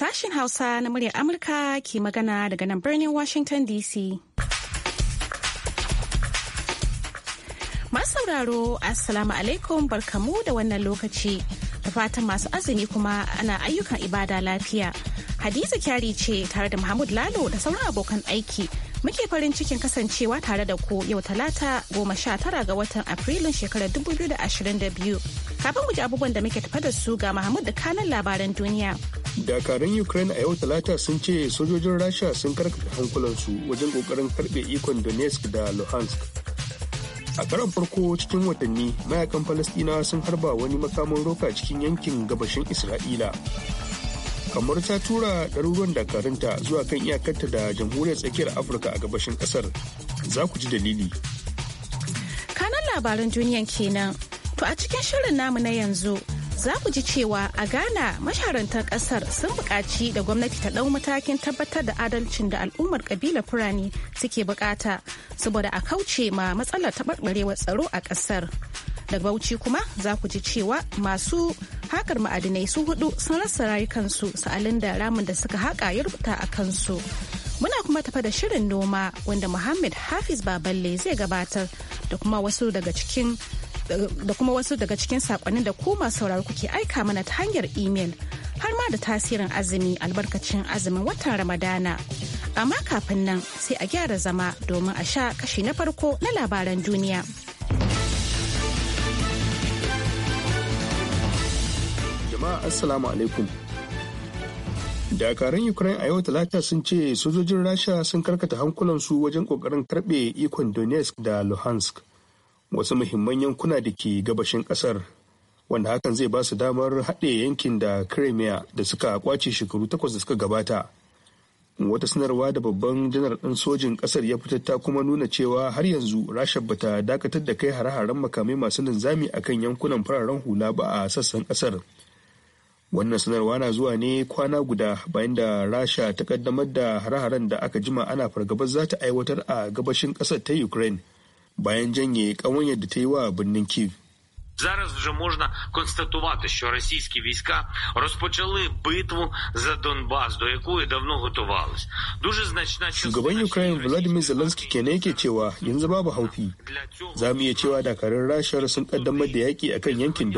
sashen Hausa na muryar Amurka ke magana daga nan birnin Washington DC. Masu sauraro, Assalamu alaikum barkamu da wannan lokaci. Da fatan masu azumi kuma ana ayyukan ibada lafiya. Hadiza kyari ce tare da Muhammad Lalo da sauran abokan aiki Muke farin cikin kasancewa tare da ku yau talata goma sha tara ga watan Afrilun shekarar da biyu Kafin mu abubuwan da muke tafa da su ga Mahmud da kanan labaran duniya. Dakarun Ukraine a yau talata sun ce sojojin Rasha sun karkata hankulansu wajen kokarin karbe ikon Donetsk da Luhansk. A karan farko cikin watanni mayakan palestina sun harba wani makaman roka cikin yankin gabashin Isra'ila. kamar ta tura ɗaruruwan dakarunta zuwa kan iyakarta da jamhuriyar tsakiyar afirka a gabashin ƙasar za ku ji dalili kanan labaran duniyan kenan to a cikin shirin namu na yanzu za ku ji cewa a ghana masharantar ƙasar sun buƙaci da gwamnati ta ɗau matakin tabbatar da adalcin da al'ummar ƙabilar fulani suke buƙata saboda a kauce ma matsalar taɓarɓarewar tsaro a ƙasar da bauchi kuma za ku ji cewa masu hakar ma'adinai su hudu sun rasa rayukansu sa'alin da ramin da suka haƙa ya rubuta a kansu muna kuma tafa da shirin noma wanda muhammad hafiz baballe zai gabatar da kuma wasu daga cikin da kuma wasu daga cikin sakonnin da kuma kuke aika mana ta hanyar imel har ma da tasirin azumi albarkacin azumin watan ramadana amma kafin nan sai a gyara zama domin a sha kashi na farko na labaran duniya. jama'a assalamu alaikum dakarun ukraine a yau talata sun ce sojojin rasha sun karkata hankulansu wajen kokarin karbe ikon donetsk da luhansk wasu muhimman yankuna da ke gabashin kasar wanda hakan zai ba su damar haɗe yankin da crimea da suka kwace shekaru takwas da suka gabata wata sanarwa da babban janar ɗin sojin ƙasar ya fitar ta kuma nuna cewa har yanzu rasha bata dakatar da kai hare-haren makamai masu linzami akan yankunan fararen hula ba a sassan ƙasar wannan sanarwa na zuwa ne kwana guda bayan da rasha ta kaddamar da hare-haren da aka jima ana fargabar za ta aiwatar a gabashin kasar ta ukraine bayan janye kawon da ta yi wa birnin kiev Зараз вже можна констатувати, що російські війська розпочали битву за Донбас, до якої давно готувались. Дуже значна Shugaban Ukraine Vladimir Zelensky kenan yake cewa yanzu babu haufi. Za mu iya cewa dakarun Rasha sun kaddamar da yaki akan yankin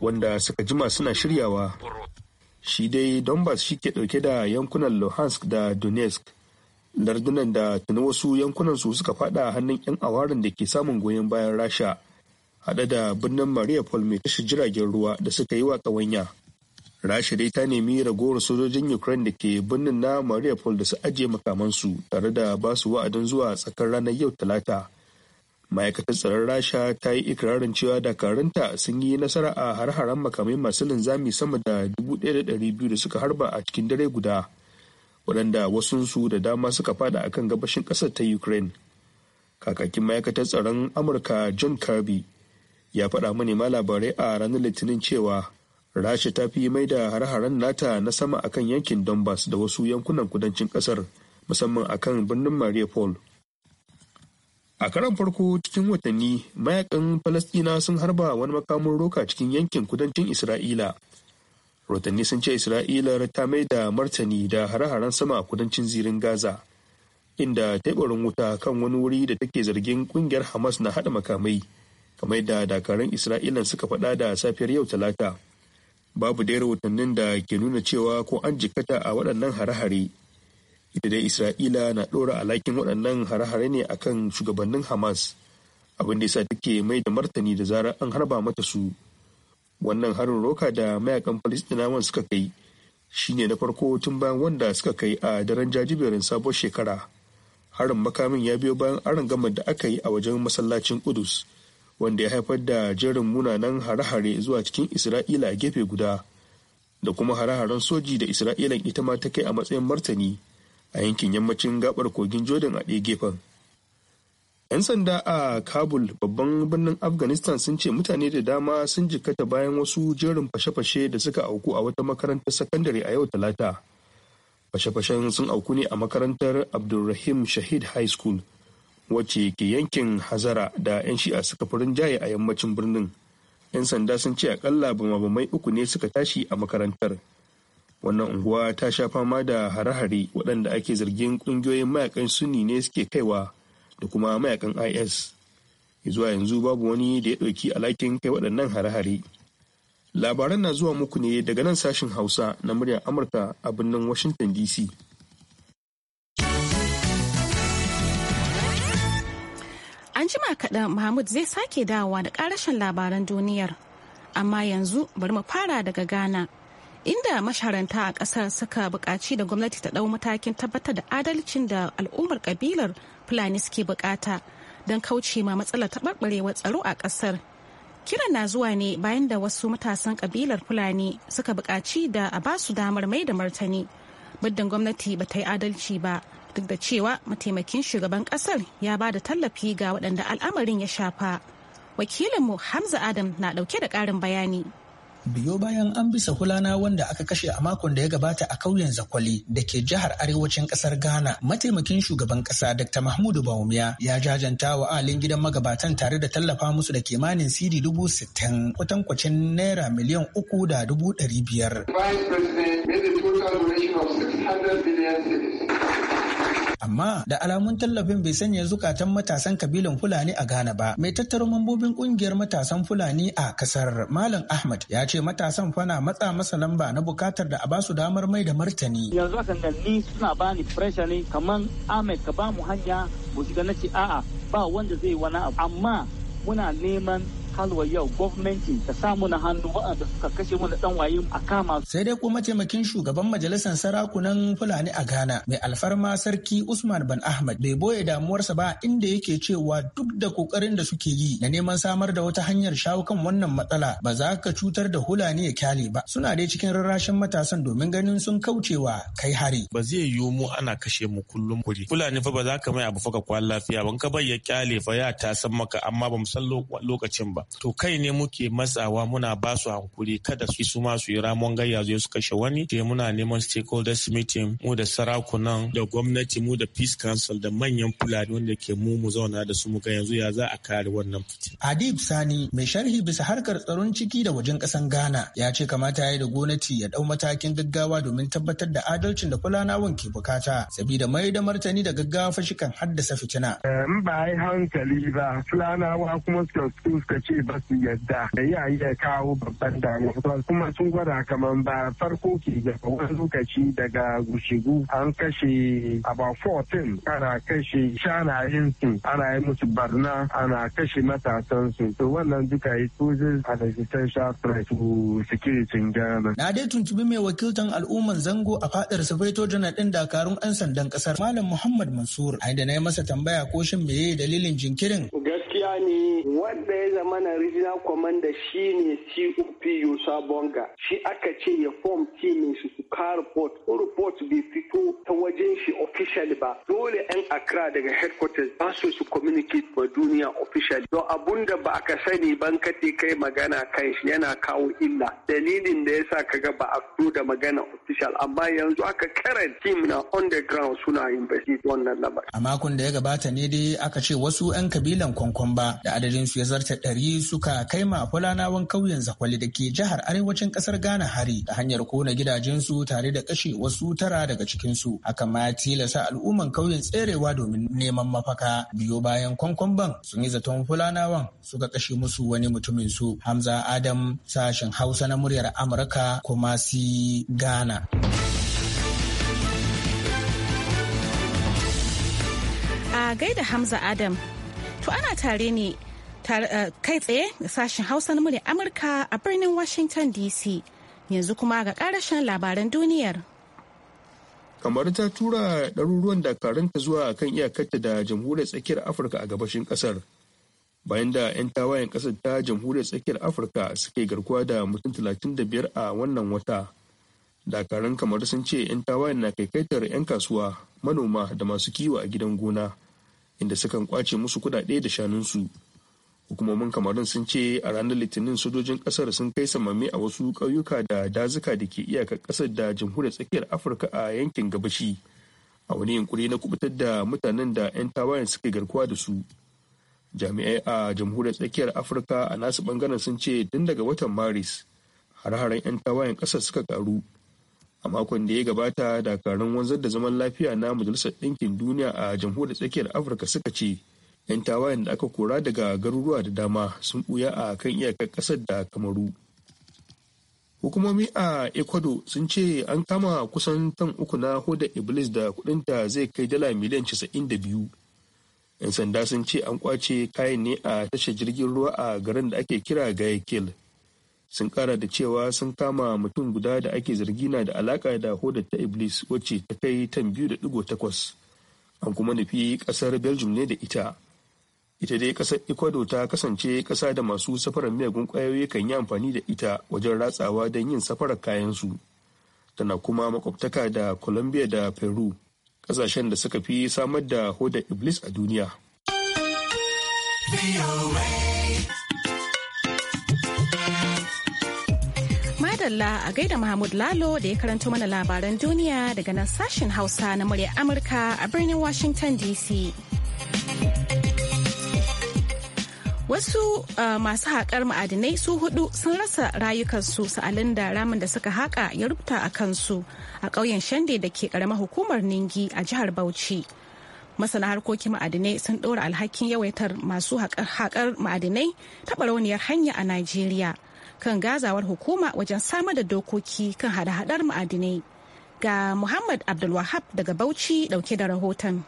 wanda suka jima suna shiryawa shi dai donbass shi ke dauke da yankunan luhansk da donetsk lardunan da tuni wasu yankunan su suka fada hannun 'yan awarin da ke samun goyon bayan rasha hada da birnin maria paul mai tashi jiragen ruwa da suka yi wa ƙawanya rasha dai ta nemi ragowar sojojin ukraine da ke birnin na maria paul da su ajiye makamansu tare da ba su wa'adin zuwa tsakar ranar yau talata ma'aikatar tsaron rasha ta yi ikirarin cewa dakarunta sun yi nasara a har-haren makamai masu linzami sama da 1,200 da suka harba a cikin dare guda waɗanda su da dama suka fada a kan gabashin ƙasar ta ukraine kakakin ma'aikatar tsaron amurka john kirby ya faɗa ma labarai a ranar litinin cewa rasha ta fi mai da har-haren nata na sama akan yankin donbass da wasu yankunan kudancin ƙasar musamman akan birnin mariupol a karan farko cikin watanni mayakan falastina sun harba wani makamin roka cikin yankin kudancin isra'ila rotanni sun ce isra'ila ta mai da martani da hare-haren sama a kudancin zirin gaza inda taibarin wuta kan wani wuri da take zargin ƙungiyar hamas na haɗa makamai kamar da dakarun isra'ila suka faɗa da safiyar yau talata babu dai rahotannin da ke nuna cewa ko an jikata a waɗannan hare-hare ita dai isra'ila na ɗora alakin waɗannan hare-hare ne akan shugabannin hamas abin da yasa take mai da martani da zarar an harba mata su wannan harin roka da mayakan falistinawan suka kai shine na farko tun bayan wanda suka kai a daren jajiberin sabuwar shekara harin makamin ya biyo bayan aron gama da aka yi a wajen masallacin kudus wanda ya haifar da jerin munanan hare-hare zuwa cikin isra'ila a gefe guda da kuma hare-haren soji da isra'ilan ita ma ta kai a matsayin martani a yankin yammacin gabar kogin jordan a ɗaya gefen 'yan sanda a kabul babban birnin afghanistan sun ce mutane da dama sun jikkata bayan wasu jerin fashe-fashe da suka auku a wata makarantar sakandare a yau talata fashe-fashen sun auku ne a makarantar abdulrahim shahid high school wacce ke yankin hazara da 'yan shi'a suka fi jaye a yammacin birnin 'yan sanda sun ce akalla bamai uku ne suka tashi a makarantar wannan unguwa ta sha fama da hare-hare waɗanda ake zargin ƙungiyoyin mayakan sunni ne suke kaiwa da kuma mayakan is zuwa yanzu babu wani da ya ɗauki alakin kai waɗannan hare-hare labaran na zuwa muku ne daga nan sashen hausa na muryar amurka a birnin washington dc an jima kaɗan mahmud zai sake dawowa da ƙarashin labaran duniyar amma yanzu bari mu fara daga ghana inda masharanta a ƙasar suka buƙaci da gwamnati ta ɗau matakin tabbatar da adalcin da al'ummar ƙabilar fulani suke buƙata don kauce ma matsalar taɓarɓarewar tsaro a ƙasar kiran na zuwa ne bayan da wasu matasan ƙabilar fulani suka buƙaci da a ba su damar mai da martani muddin gwamnati ba ta yi adalci ba duk da cewa mataimakin shugaban ƙasar ya ba da tallafi ga waɗanda al'amarin ya shafa wakilinmu hamza adam na ɗauke da ƙarin bayani biyo bayan an bisa hulana wanda aka kashe a makon da ya gabata a kauyen zakwali da ke jihar arewacin kasar ghana mataimakin shugaban kasa dr mahmudu baumiya ya jajanta wa alin gidan magabatan tare da tallafa musu da kimanin cd dubu sittin kwatankwacin naira miliyan uku da dubu ɗari biyar. amma da alamun tallafin bai sanya zukatan matasan kabilan Fulani a Ghana ba. Mai tattara mambobin kungiyar matasan Fulani a kasar Malam Ahmad ya ce matasan fana matsa masa lamba na bukatar da a basu damar mai da martani. Yanzu akan ni suna bani fresh ne kamar Ahmed ka ba mu hanya mu shiga na ce a'a ba wanda zai wani abu amma muna neman halwa yau gwamnati ta samu na hannu waɗanda suka kashe mana dan waye a kama. Sai dai kuma mataimakin shugaban majalisar sarakunan Fulani a Ghana mai alfarma sarki Usman Ban Ahmad bai boye damuwarsa ba inda yake cewa duk da kokarin da suke yi na neman samar da wata hanyar shawo kan wannan matsala ba za ka cutar da Hulani ya kyale ba. Suna dai cikin rarrashin matasan domin ganin sun kaucewa kai hari. Ba zai yiwu mu ana kashe mu kullum kuri. Fulani fa ba za ka mai abu faka kwan lafiya ban ka bai ya kyale fa ya ta san maka amma ba mu san lokacin ba. to kai ne muke matsawa muna ba su hankuri kada su su ma su yi ramon gayya zai su kashe wani muna neman stakeholders meeting mu da sarakunan da gwamnati mu da peace council da manyan fulani wanda ke mu mu zauna da su muka yanzu ya za a kare wannan fitina. Adib Sani mai sharhi bisa harkar tsaron ciki da wajen kasan Ghana ya ce kamata ya yi da gwamnati ya dau matakin gaggawa domin tabbatar da adalcin da kulanawan ke bukata sabida mai da martani da gaggawa fashikan haddasa fitina. Eh, in ba hankali ba fulanawa kuma suka suka ce ce ba su yadda da yayi ya kawo babban damuwa kuma sun gwada kamar ba farko ke gaba wani lokaci daga gushigu an kashe aba 14 ana kashe shanayen su ana yi musu barna ana kashe matasan su to wannan duka yi sojin a da essential threat to security in Na dai tuntubi mai wakiltan al'umman zango a fadar sufaito Janar ɗin Dakarun 'yan sandan ƙasar Malam Muhammad Mansur. A da na yi masa tambaya ko shin meye dalilin jinkirin? Gaskiya ne wanda ya zama wannan regional commander shine cop yusa bonga shi aka ce ya form team su su ka report ko report bai fito ta wajen shi officially ba dole yan accra daga headquarters ba su su communicate ma duniya officially Don abun da ba aka sani ban kate kai magana kai shi yana kawo illa dalilin da yasa kaga ba a fito da magana official amma yanzu aka current team na underground the ground suna investigate wannan lamarin a makon da ya gabata ne dai aka ce wasu 'yan kabilan kwankwan ba da adadin su ya zarta ɗari suka kai ma fulanawan kauyen zakwali da ke jihar arewacin kasar ghana hari da hanyar kona gidajensu tare da kashe wasu tara daga cikinsu haka ma ya tilasa al'umman kauyen tserewa domin neman mafaka biyo bayan kwankwamban sun yi zaton fulanawan suka kashe musu wani mutumin su hamza adam sashen hausa na muryar amurka kuma si ghana a gaida hamza adam to ana tare ne Eh, kai tsaye sashen hausa na murya amurka a birnin washington dc yanzu kuma ga karashen labaran duniyar kamar ta tura ɗaruruwan dakaranta zuwa kan iyakarta da jamhuriyar tsakiyar afirka a gabashin ƙasar bayan da 'yan tawayen ƙasar ta jamhuriyar tsakiyar afirka suke garkuwa da mutum 35 a wannan wata dakaran kamar sun ce 'yan tawayen na kaikaitar 'yan kasuwa manoma da masu kiwo a gidan gona inda sukan kwace musu kudade da shanunsu. su hukumomin kamarun sun ce a ranar litinin sojojin kasar sun kai samami a wasu ƙauyuka da dazuka da ke iyakar kasar da jamhuriyar tsakiyar afirka a yankin gabashi a wani yunkuri na kubutar da mutanen da 'yan tawayen suke garkuwa da su jami'ai a jamhuriyar tsakiyar afirka a nasu bangaren sun ce tun daga watan maris har-haren 'yan tawayen kasar suka karu a makon da ya gabata dakarun wanzar da zaman lafiya na majalisar ɗinkin duniya a jamhuriyar tsakiyar afirka suka ce 'yan tawayen da aka kora daga garuruwa da dama sun buya a kan iyakar ƙasar da kamaru hukumomi a ecuador sun ce an kama kusan tan uku na hoda iblis da kudinta zai kai dala miliyan 92 'yan sanda sun ce an kwace kayan ne a tashar jirgin ruwa a garin da ake kira guayaquil sun kara da cewa sun kama mutum guda da ake zargi na da alaka da hoda ta iblis wacce ta kai tan 2.8 an kuma nufi kasar belgium ne da ita ita dai kasar ecuador ta kasance kasa da masu safarar miyagun kwayoyi kan yi amfani da ita wajen ratsawa don yin safarar kayansu tana kuma makwabtaka da colombia da peru kasashen da suka fi samar da hoda iblis a duniya madalla a gaida mahmud lalo da ya karanto mana labaran duniya daga nan sashen hausa na murya amurka a birnin washington dc wasu uh, masu haƙar ma'adinai su hudu sun rasa rayukansu sa'alin da ramin da suka haƙa ya rubuta a kansu a ƙauyen shande da ke ƙaramar hukumar ningi a jihar bauchi masana harkokin ma'adinai sun ɗora alhakin yawaitar masu haƙar ma'adinai ta barauniyar hanya a najeriya kan gazawar hukuma wajen samar da dokoki kan hada haɗar ma'adinai ga muhammad abdulwahab daga bauchi ɗauke da rahoton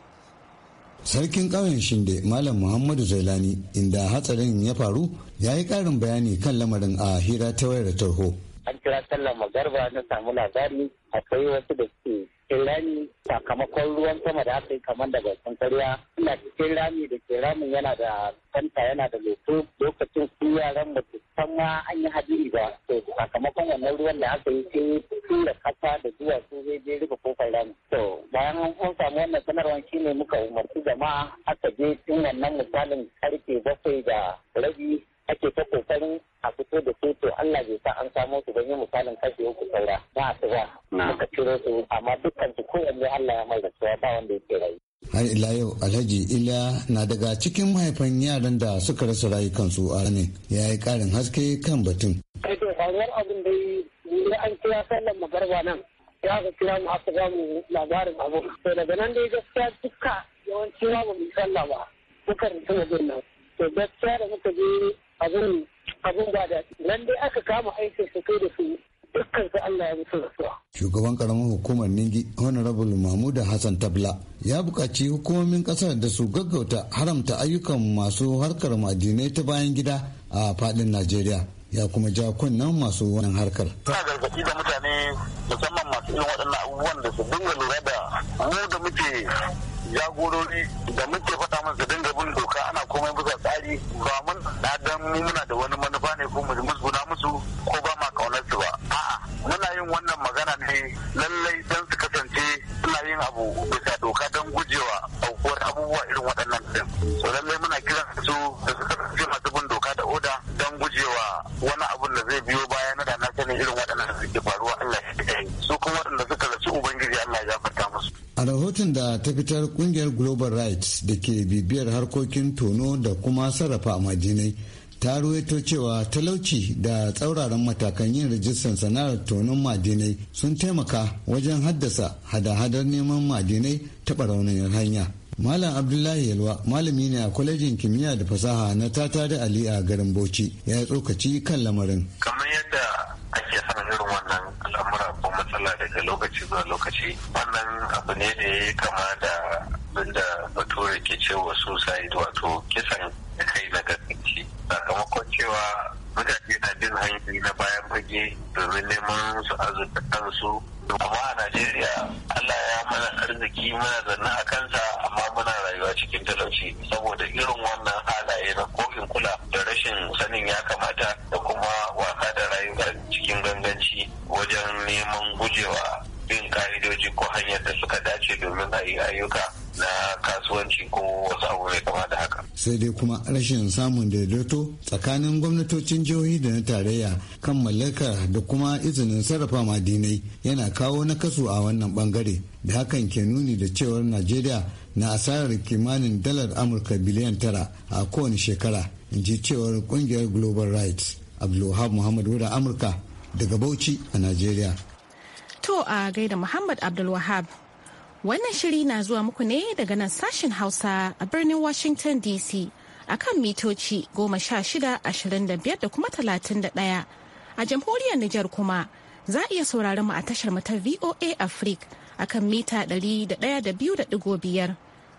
sarkin ƙauyen shinde malam muhammadu zailani inda hatsarin ya faru ya yi ƙarin bayani kan lamarin a hira ta wayar tarho an kira sallar magarba na samu labari akwai wasu da suke cikin rami sakamakon ruwan sama da aka yi kamar daga bakin karya ina cikin rami da ke ramin yana da kanta yana da loto lokacin su yaran ba su an yi hadiri ba to sakamakon wannan ruwan da aka yi ke tura kasa da zuwa su zai je rufe kofar rami to bayan an samu wannan sanarwar shine muka umarci jama'a aka je tun wannan misalin karfe bakwai da rabi ake ta kokarin a fito da su Allah bai sa an samo su don yi misalin kashe uku saura na asuba muka ciro su amma dukkan su kowanne Allah ya mai da cewa ba wanda yake rayu. Har ila yau Alhaji Ila na daga cikin mahaifan yaran da suka rasa rayukansu a ne ya yi ƙarin haske kan batun. Kai to faruwar abin da yi an kira sallan garba nan ya ga kira mu aka ba mu labarin abu to daga nan dai gaskiya duka yawanci ba mu sallah ba muka rinta bin nan to gaskiya da muka je abin abin ba da nan dai aka kama aikin su kai da su dukkan su Allah ya mutu rasuwa. Shugaban karamar hukumar Ningi Honorable Mahmuda Hassan Tabla ya bukaci hukumomin ƙasar da su gaggauta haramta ayyukan masu harkar madinai ta bayan gida a faɗin Najeriya ya kuma ja kunnen masu wannan harkar. Ina gargaɗi da mutane musamman cikin waɗannan abubuwan da su dinga lura da mu da muke jagorori da muke faɗa musu dinga bin doka ana komai bisa tsari ba mun dan muna da wani manufa ne ko mu musguna musu ko ba ma kaunar su ba a'a muna yin wannan magana ne lallai dan su kasance suna yin abu bisa doka dan gujewa aukuwar abubuwa irin waɗannan din so lallai muna kiran su da su kasance masu bin doka da oda dan gujewa wani abun da zai biyo baya na da na sani irin waɗannan da ta fitar kungiyar global rights da ke bibiyar harkokin tono da kuma sarrafa majinai ta ruwaito cewa talauci da tsauraran matakan yin rajistar sana'ar tonon madinai sun taimaka wajen haddasa hada-hadar neman madinai ta barauniyar hanya malam abdullahi yalwa malami ne a kwalejin kimiyya da fasaha na tatari ali a garin bauchi ya yi tsokaci kan lamarin matsala daga lokaci zuwa lokaci wannan abu ne da ya kama da abinda bature ke cewa suicide wato kisan da kai na gaske sakamakon cewa mutane na bin hanyoyi na bayan fage domin neman su azurta kansu kuma a najeriya allah ya mana arziki mana zanna a kansa amma muna rayuwa cikin talauci saboda irin wannan halaye na kofin kula da rashin sanin ya kamata da shi wajen neman gujewa bin ka'idoji ko hanyar da suka dace domin a yi ayyuka na kasuwanci ko wasu abu mai kama da haka. Sai dai kuma rashin samun daidaito tsakanin gwamnatocin jihohi da na tarayya kan mallakar da kuma izinin sarrafa madinai yana kawo nakasu a wannan bangare da hakan ke nuni da cewar Najeriya na asarar kimanin dalar Amurka biliyan tara a kowane shekara in ji cewar kungiyar Global Rights. Abdulwahab Muhammadu Wuda Amurka daga Bauchi a Najeriya. To a gaida Muhammad Abdulwahab. Wannan shiri na zuwa muku ne daga nan sashen Hausa a birnin Washington DC a kan mitoci goma sha shida ashirin da biyar da kuma talatin da ɗaya. A jamhuriyar Nijar kuma za a iya saurari mu a tashar mu ta VOA Africa a kan mita ɗari da ɗaya da biyu da ɗigo biyar.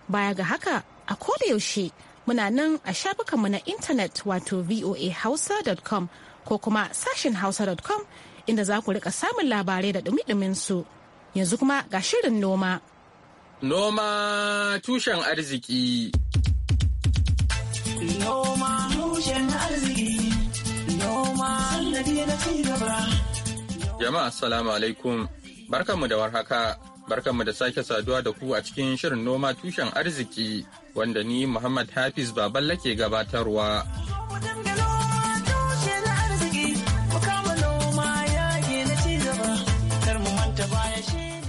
Baya ga haka a koda yaushe muna nan a shafukanmu na intanet wato voahausa.com ko kuma sashin hausa.com inda za ku rika samun labarai da dumi su yanzu kuma ga shirin noma. Noma tushen arziki. Noma tushen arziki. Noma na ci gaba. Jama'a salamu alaikum. Barkanmu da warhaka. Barkanmu da sake saduwa da ku a cikin shirin noma tushen arziki wanda ni Muhammad Hafiz Baballa ke gabatarwa.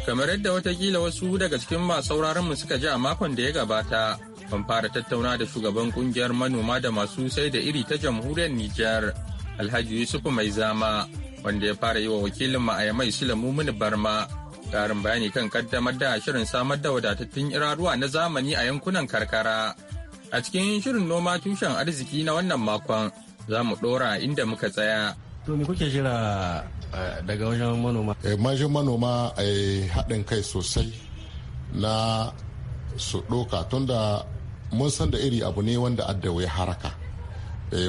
kamar yadda watakila wasu daga cikin masu sauraron mu suka ji a makon da ya gabata mun fara tattauna da shugaban kungiyar manoma da masu sai da iri ta jamhuriyar Nijar Alhaji Yusuf Mai Zama wanda ya fara yi wa wakilin mu Ayamai Sulamu Mumuni Barma karin bayani kan kaddamar da shirin samar da wadatattun iraruwa na zamani a yankunan karkara. A cikin shirin noma tushen arziki na wannan makon za mu ɗora inda muka tsaya. to me kuke jira eh, daga wajen manoma eh, majin manoma a eh, haɗin kai sosai na su ɗoka tunda mun san da iri abu ne wanda addawa ya haraka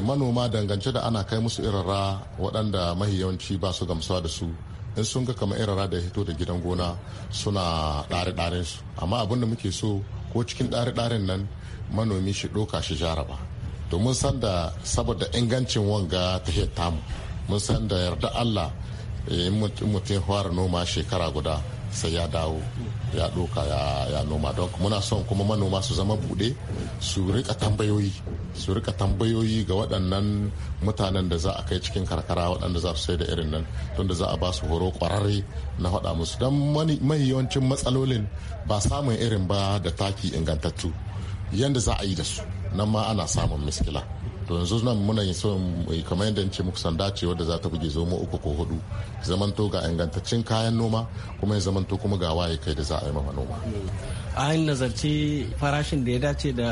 manoma dangance da ana kai musu irara waɗanda mahi yawanci ba su gamsuwa da su in sun ga kamar irara da hito da gidan gona suna ɗare-ɗaren su amma abin da muke so ko cikin ɗare-ɗaren nan manomi shi ɗoka shi jaraba domin san da saboda ingancin wanga ta tamu mun san da yarda allah eh, in mutum fara noma shekara guda sai ya dawo ya doka ya noma don muna son kuma manoma su zama bude su rika tambayoyi su rika tambayoyi ga waɗannan mutanen da za a kai cikin karkara waɗanda za su sai da irin nan don da za a ba su horo kwararre na faɗa musu don mai yawancin matsalolin ba samun irin ba da taki ingantattu yadda za a yi da su nan ma ana samun miskila to yanzu nan muna so eh, kamar yadda ce muku sanda ce wadda za ta buge zomo uku ko hudu zamanto ga ingantaccen kayan noma kuma ya zamanto kuma ga waye kai da za a yi mama noma yin nazarci farashin da ya dace da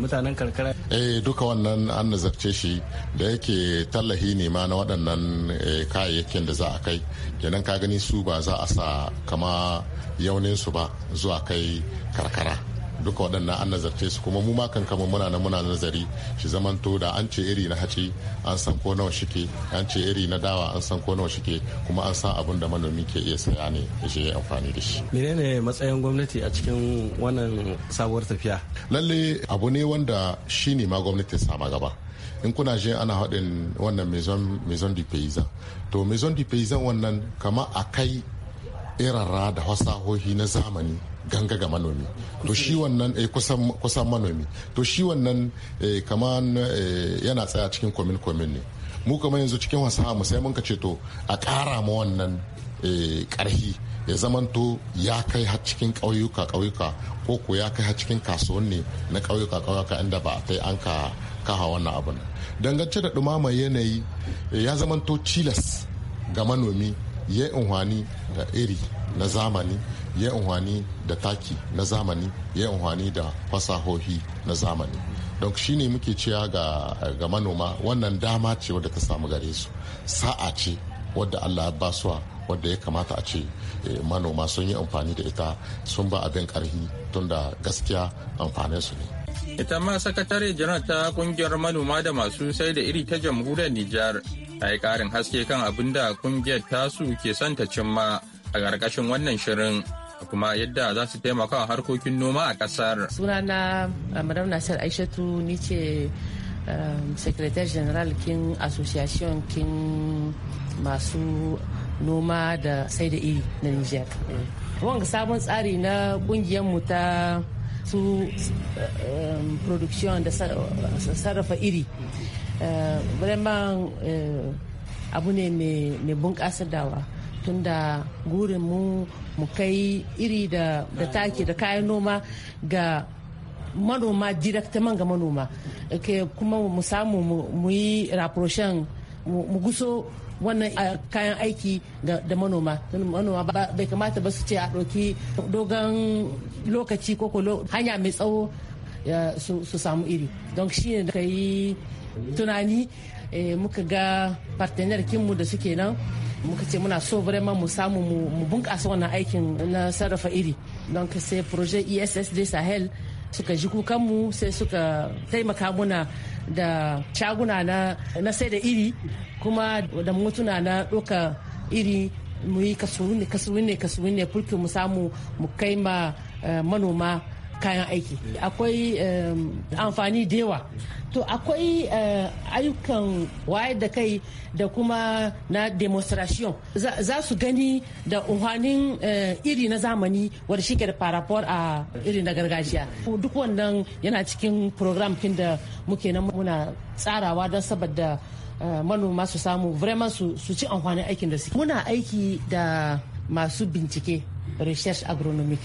mutanen karkara eh duka wannan an nazarce shi da yake tallahi ne ma na waɗannan eh, kayayyakin da za a kai kenan ka gani su ba za a sa kama yaunin su ba zuwa kai karkara duka waɗannan an nazarce su kuma mu ma kan kama muna na muna nazari shi zamanto da an ce iri na haci an san ko nawa shike an ce iri na dawa an san ko nawa shike kuma an san abin da manomi ke iya saya ne shi ya amfani da shi menene matsayin gwamnati a cikin wannan sabuwar tafiya lalle abu ne wanda shi ne ma gwamnati sama gaba in kuna je ana haɗin wannan maison du paysan to maison du paysan wannan kama a kai irara da fasahohi na zamani ganga ga manomi to shi wannan eh, kusan manomi to shi wannan eh, kaman eh, yana tsaya cikin komin komin ne mu kuma yanzu cikin wasa mu sai mun ka ce to a kara ma wannan ƙarhi ya zamanto ya kai har cikin ƙauyuka ƙauyuka ko ko ya kai har cikin kasuwanni na ƙauyuka ƙauyuka inda ba a kai an ka kaha wannan abin dangance da ɗumama yanayi ya zamanto cilas ga manomi ya unhwani da iri na zamani ya unhwani da taki na zamani ya unhwani da fasahohi na zamani don shi ne muke cewa ga manoma wannan dama ce wadda ta samu gare su sa'a ce wadda allah ya basuwa wadda ya kamata a ce eh, manoma sun yi amfani da ita sun ba abin karhi tunda gaskiya amfanin su ne ita ma sakatare janar ta kungiyar manoma da masu sai da iri ta jamhuriyar Nijar a yi karin haske kan abin da kungiyar tasu ke son ta cimma a ƙarƙashin wannan shirin da kuma yadda za su taimaka harkokin noma a ƙasar. Sunana uh, Madam Nasir Aishatu ni ce um, Secretary General kin Association kin masu noma da sai da iri na Niger. Mm. Wanga sabon tsari na mu ta su um, production da uh, sarrafa iri. Uh, vraiment abu ne mai bunƙasar dawa. tunda gurin mu mu kai iri da taki da kayan noma ga manoma directement ga manoma ke kuma mu samu mu yi rapprochen mu guso wannan kayan aiki da manoma manoma bai kamata ba su ce a ɗauki dogon lokaci ko hanya mai tsawo su samu iri don shi ne da ka yi tunani eh, muka ga partner kinmu da suke nan muka ce muna so vraiment mu samu mu bunƙasa wannan aikin na sarrafa iri don ka sai projet ESS de sahel suka ji kukanmu sai suka taimaka muna da shaguna na sai da iri kuma da mutuna na ɗauka iri mu yi kasuwin ne kasuwin ne mu samu mu kai ma manoma kayan aiki akwai amfani da yawa to akwai eh, ayyukan wayar da kai da kuma na demonstration za su gani da unhanin eh, iri na zamani wadda shi da parafor a iri na gargajiya duk wannan yana cikin program kin da muke nan muna tsarawa don saboda eh, manoma su samu vraiment su ci amfanin aikin da su muna aiki da masu bincike research agronomic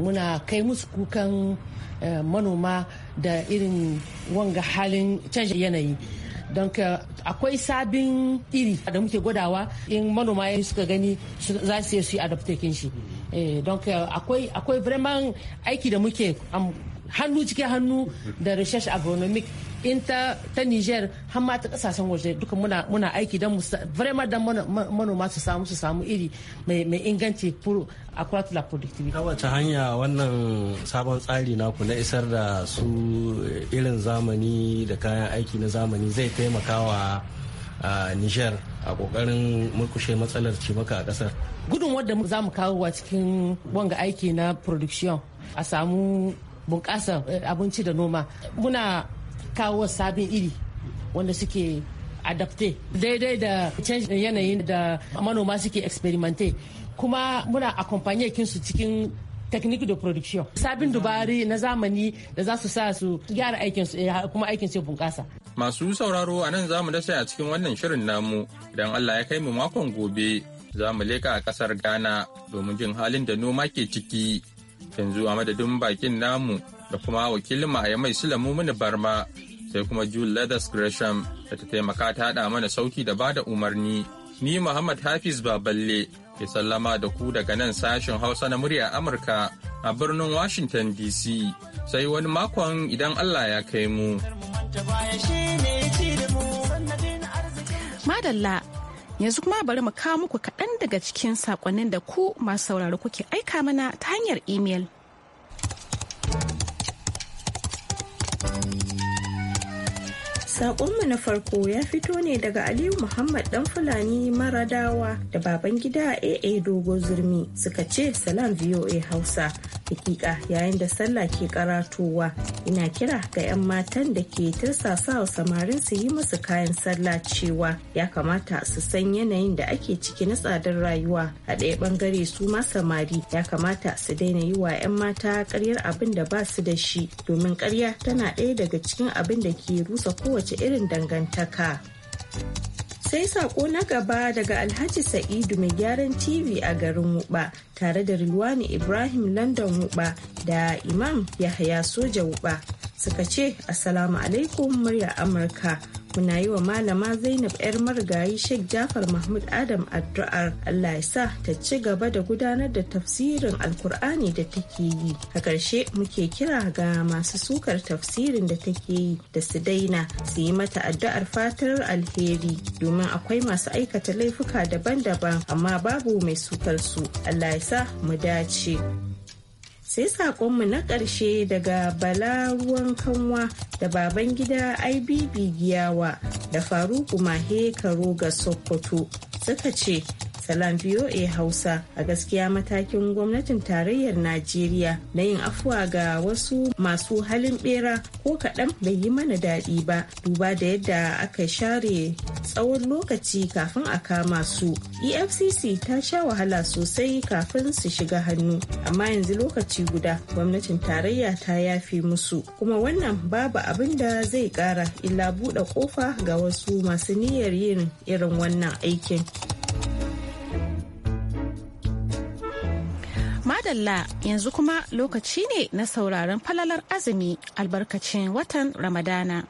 muna kai musu kukan eh, manoma da irin wanga halin canjin yanayi don akwai sabin iri da muke gwadawa in manoma ya suka gani za su yi adaptation shi mm. eh, don akwai vraiment aiki da muke hannu cikin hannu da research agronomic in ta ta Niger har ta kasashen waje duka muna aiki don mu vraiment dan manoma su samu su samu iri mai mai inganci pour accroître la ta wace hanya wannan sabon tsari naku na isar da su irin zamani da kayan aiki na zamani zai taimakawa a Niger a kokarin murkushe matsalar cimaka a kasar gudun wadda za mu kawo wa cikin wanga aiki na production a samu bunƙasa eh, abinci da noma muna kawo sabin iri wanda suke adapte daidai da canjin yanayin da manoma suke experimente kuma muna accompagne su cikin technique de production sabin dubari na zamani da za su sa su gyara aikin su eh, kuma aikin su bunƙasa masu sauraro a nan zamu dasa a cikin wannan shirin namu idan allah ya kai mu makon gobe za leka a ƙasar ghana domin jin halin da noma ke ciki yanzu a madadin bakin namu da kuma wakilin ma'aya mai silamu mini barma sai kuma jule leathers gresham da ta taimaka ta haɗa mana sauki da bada umarni ni muhammad hafiz baballe ke sallama da ku daga nan sashen hausa na murya amurka a birnin washington dc sai wani makon idan allah ya kai mu madalla Yanzu kuma bari mu kawo muku kaɗan daga cikin saƙonnin da ku masu sauraro kuke aika mana ta hanyar imel. Sakonmu na farko ya fito ne daga Aliyu Muhammad ɗan Fulani Maradawa da baban gida AA Dogo Zurmi suka ce salam VOA Hausa. Hakika yayin da sallah ke karatowa ina kira ga 'yan matan da ke tirsasawa samarin su yi musu kayan sallah cewa ya kamata su san yanayin da ake ciki na tsadar rayuwa a ɗaya ɓangare su ma samari ya kamata su daina yi wa 'yan mata karyar abin da ba su da shi domin ƙarya tana ɗaya daga cikin abin da ke rusa kowace kowace irin dangantaka. Sai saƙo na gaba daga Alhaji Sa'idu mai gyaran TV a garin Wuba tare da Rilwani Ibrahim London Wuba da Imam Yahaya Soja Wuba. suka ce assalamu alaikum murya amurka muna yi wa malama zainab yar marigayi sheikh jafar mahmud adam addu'ar allah ya sa ta ci gaba da gudanar da tafsirin alkur'ani da take yi a ƙarshe muke kira ga masu sukar tafsirin da take yi da su daina su yi mata addu'ar fatar alheri domin akwai masu aikata laifuka daban-daban amma babu mai sukar su allah ya sa mu dace. sai saƙonmu na ƙarshe daga bala ruwan kanwa da baban gida ibb giyawa da faruku mahe karo ga sokoto suka ce salam voa hausa a gaskiya matakin gwamnatin tarayyar najeriya na yin afuwa ga wasu masu halin bera ko kaɗan bai yi mana daɗi ba duba da yadda aka share tsawon lokaci kafin a kama su efcc ta sha wahala sosai kafin su shiga hannu amma yanzu lokaci guda gwamnatin tarayya ta yafe musu kuma wannan babu abin da zai kara illa buɗe ƙofa ga wasu masu niyyar yin irin wannan aikin Dalla yanzu kuma lokaci ne na sauraron falalar azumi albarkacin watan Ramadana.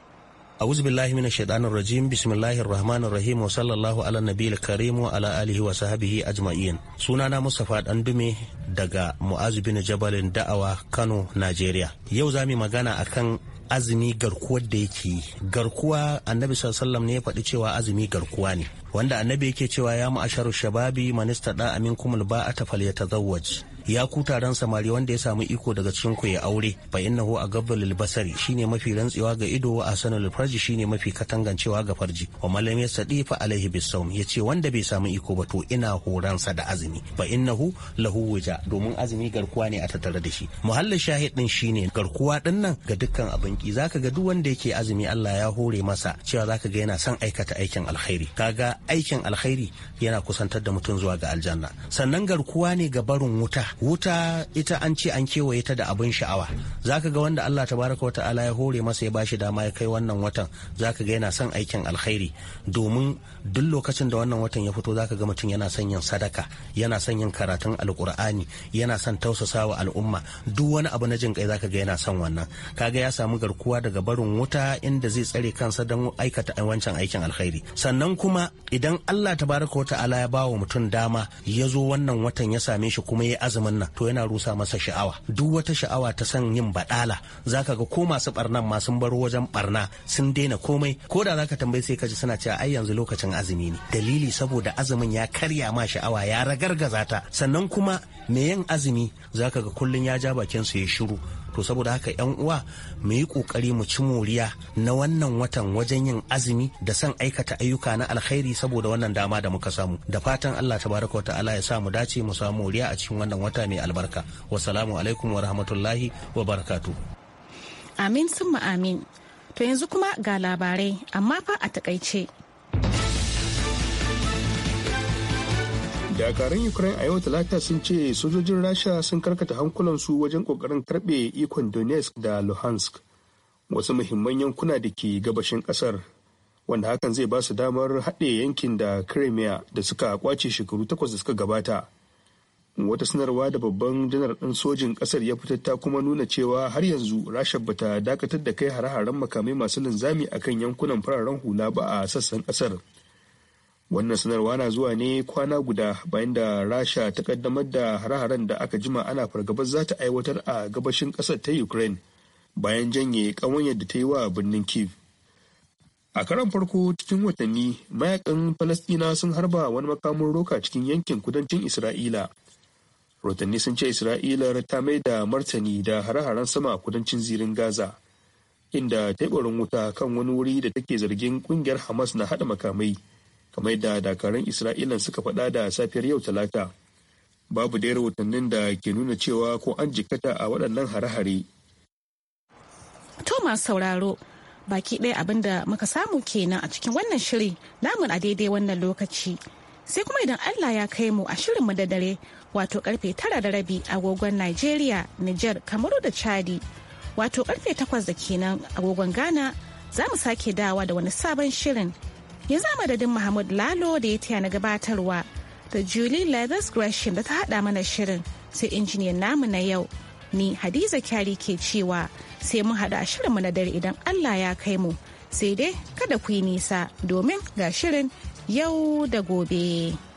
A'udhu billahi minash shaitanir rajim bismillahir rahmanir rahim wa sallallahu ala nabiyil karim wa ala alihi wa sahbihi ajma'in sunana Mustafa Dandume daga Mu'az bin Jabalin Da'awa Kano Nigeria yau zamu magana akan azumi garkuwar da yake garkuwa annabi sallallahu alaihi ya faɗi cewa azumi garkuwa ne wanda annabi yake cewa ya ma'asharu shababi manista da amin kumul ba a tafal ya tazawwaj ya ku taron samari wanda ya samu iko daga cikin ku ya aure fa innahu a gabbal basari shine mafi rantsewa ga ido wa asanul farji shine mafi katangancewa ga farji wa malam yasadi fa alaihi bisawm yace wanda bai samu iko ba to ina horansa da azumi fa innahu lahu wija domin azumi garkuwa ne a tattare da shi muhallin shahid din shine garkuwa din nan ga dukkan abin ki zaka ga duk wanda yake azumi Allah ya hore masa cewa zaka ga yana son aikata aikin alkhairi kaga aikin alkhairi yana kusantar da mutum zuwa ga aljanna sannan garkuwa ne ga barin wuta wuta ita an ce an kewaye ta da abin sha'awa zaka ga wanda Allah tabaraka wa ta'ala ya hore masa ya bashi dama ya kai wannan watan zaka ga yana son aikin alkhairi domin duk lokacin da wannan watan ya fito zaka ga mutum yana son yin sadaka yana son yin karatun alkur'ani yana son tausasawa al'umma duk wani abu na jin kai zaka ga yana son wannan kaga ya samu garkuwa daga barin wuta inda zai tsare kansa don aikata wancan aikin alkhairi sannan kuma idan Allah Ta baraka wa ta'ala ya bawa mutum dama ya zo wannan watan ya same shi kuma ya yi azumin nan to yana rusa masa sha'awa duk wata sha'awa ta son yin badala zaka ga ko masu ɓarnan ma sun baro wajen barna sun daina komai ko da zaka tambayi sai ka ji suna cewa ai yanzu lokacin watan azumi ne dalili saboda azumin ya karya ma sha'awa ya ragargaza ta sannan kuma me yin azumi za ka ga kullum ya ja bakin su ya shiru to saboda haka yan uwa mu yi kokari mu ci moriya na wannan watan wajen yin azumi da son aikata ayyuka na alkhairi saboda wannan dama da muka samu da fatan Allah tabaraka wa ta'ala ya sa mu dace mu samu moriya a cikin wannan wata mai albarka wassalamu alaikum wa rahmatullahi wa barakatuh amin summa amin to yanzu kuma ga labarai amma fa a takaice dakarun ukraine a yau talata sun ce sojojin rasha sun karkata hankulansu wajen kokarin karbe ikon donetsk da luhansk wasu muhimman yankuna da ke gabashin kasar wanda hakan zai ba su damar haɗe yankin da crimea da suka kwace shekaru takwas da suka gabata wata sanarwa da babban janar ɗin sojin ƙasar ya fitar ta kuma nuna cewa har yanzu rasha bata dakatar da kai hare-haren makamai masu linzami akan yankunan fararen hula ba a sassan ƙasar. wannan sanarwa na zuwa ne kwana guda bayan da rasha ta kaddamar da hare-haren da aka jima ana fargabar za ta aiwatar a gabashin ƙasar ta ukraine bayan janye ƙawanyar da ta yi wa birnin kiev a karan farko cikin watanni mayakan falastina sun harba wani makamin roka cikin yankin kudancin isra'ila rotanni sun ce isra'ila ta mai da martani da hare-haren sama kudancin zirin gaza inda ta wuta kan wani wuri da take zargin kungiyar hamas na hada makamai kamar da dakarun isra'ila suka faɗa da safiyar yau talata babu dai rahotannin da ke nuna cewa ko an jikata a waɗannan hare-hare to sauraro baki ɗaya abin da muka samu kenan a cikin wannan shiri namun a daidai wannan lokaci sai kuma idan allah ya kai mu a shirin mu da dare wato karfe tara da rabi agogon nigeria niger kamaru da chadi wato karfe takwas da kenan agogon ghana za mu sake dawa da wani sabon shirin ya zama da din Muhammad Lalo da ya taya na gabatarwa da Julie Leathers Gresham da ta haɗa mana shirin sai injiniyan namu na yau ni Hadiza Kyari ke cewa sai mun haɗu a shirinmu na dare idan Allah ya kai mu sai dai kada ku yi nisa domin ga shirin yau da gobe.